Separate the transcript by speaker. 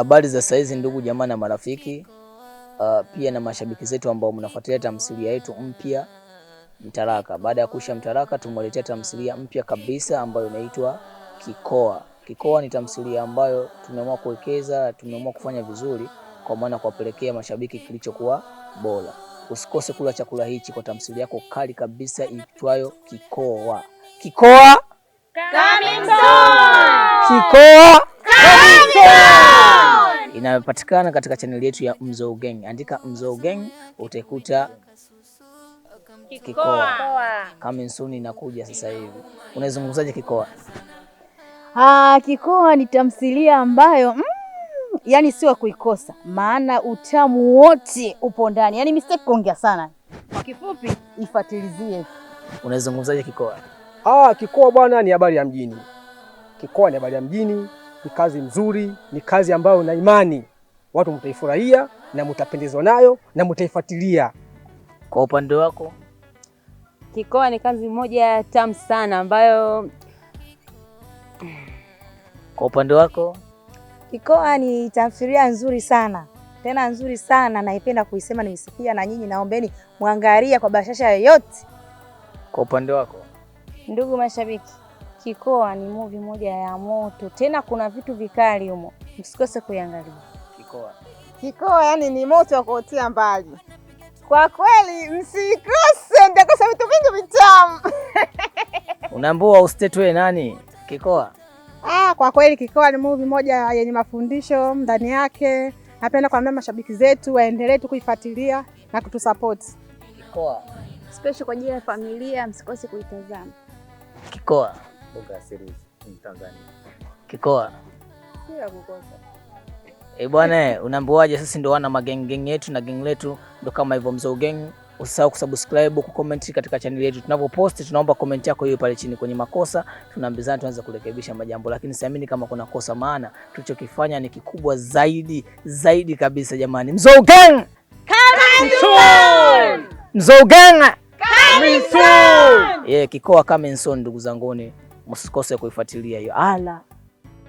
Speaker 1: Habari za saizi ndugu jamaa na marafiki, uh, pia na mashabiki zetu ambao mnafuatilia tamthilia yetu mpya Mtaraka. Baada ya kuisha Mtaraka, tumewaletea tamthilia mpya kabisa ambayo inaitwa Kikoa. Kikoa ni tamthilia ambayo tumeamua kuwekeza, tumeamua kufanya vizuri, kwa maana kuwapelekea mashabiki kilichokuwa bora. Usikose kula chakula hichi kwa tamthilia yako kali kabisa iitwayo Kikoa. Kikoa Kikoa
Speaker 2: Kikoa
Speaker 1: inayopatikana katika chaneli yetu ya Mzou Gang. Andika Mzou Gang utaikuta kikoa. Coming soon inakuja sasa hivi. Unaizungumzaje kikoa?
Speaker 3: Ah, kikoa ni tamthilia ambayo mm, yani sio kuikosa, maana utamu wote upo ndani. Yani mistake kuongea sana,
Speaker 4: kwa kifupi
Speaker 3: ifatilizie.
Speaker 1: Unaizungumzaje kikoa?
Speaker 5: Ah, kikoa bwana ni habari ya mjini. Kikoa ni habari ya mjini ni kazi nzuri, ni kazi ambayo na imani watu mtaifurahia na mtapendezwa nayo na mtaifuatilia.
Speaker 1: Kwa upande wako,
Speaker 6: Kikoa ni kazi moja tamu sana ambayo
Speaker 1: kwa upande wako
Speaker 7: Kikoa ni tamthilia nzuri sana tena nzuri sana, naipenda kuisema, nimesikia na nyinyi, naombeni mwangalia kwa bashasha yoyote.
Speaker 1: Kwa upande wako,
Speaker 8: ndugu mashabiki Kikoa ni muvi moja ya moto tena, kuna vitu vikali humo, msikose kuiangalia
Speaker 1: Kikoa.
Speaker 9: Kikoa yani ni moto wa kuotea mbali kwa kweli, msikose, ndakosa vitu vingi vitamu.
Speaker 1: Unaambua usitetwe nani Kikoa.
Speaker 10: Ah, kwa kweli Kikoa ni muvi moja yenye mafundisho ndani yake. Napenda kuambia mashabiki zetu waendelee tu kuifuatilia na kutusapoti
Speaker 1: Kikoa
Speaker 11: special kwa ajili ya familia, msikose kuitazama
Speaker 1: Kikoa
Speaker 12: mboga asili hizi Tanzania.
Speaker 1: Kikoa bila kukosa. Eh, bwana eh, unaambiwaje? Sisi ndio wana magengeng yetu na geng letu ndio kama hivyo Mzee ugeng, Usisahau kusubscribe, kucomment katika channel yetu. Tunapopost tunaomba comment yako hiyo pale chini kwenye makosa, tunaambizana tuanze kurekebisha majambo, lakini siamini kama kuna kosa, maana tulichokifanya ni kikubwa zaidi zaidi kabisa. Jamani, Mzee ugeng,
Speaker 2: coming soon,
Speaker 1: Mzee ugeng,
Speaker 2: coming soon,
Speaker 1: yeah, kikoa coming soon, ndugu zanguni msikose kuifuatilia hiyo. Ala,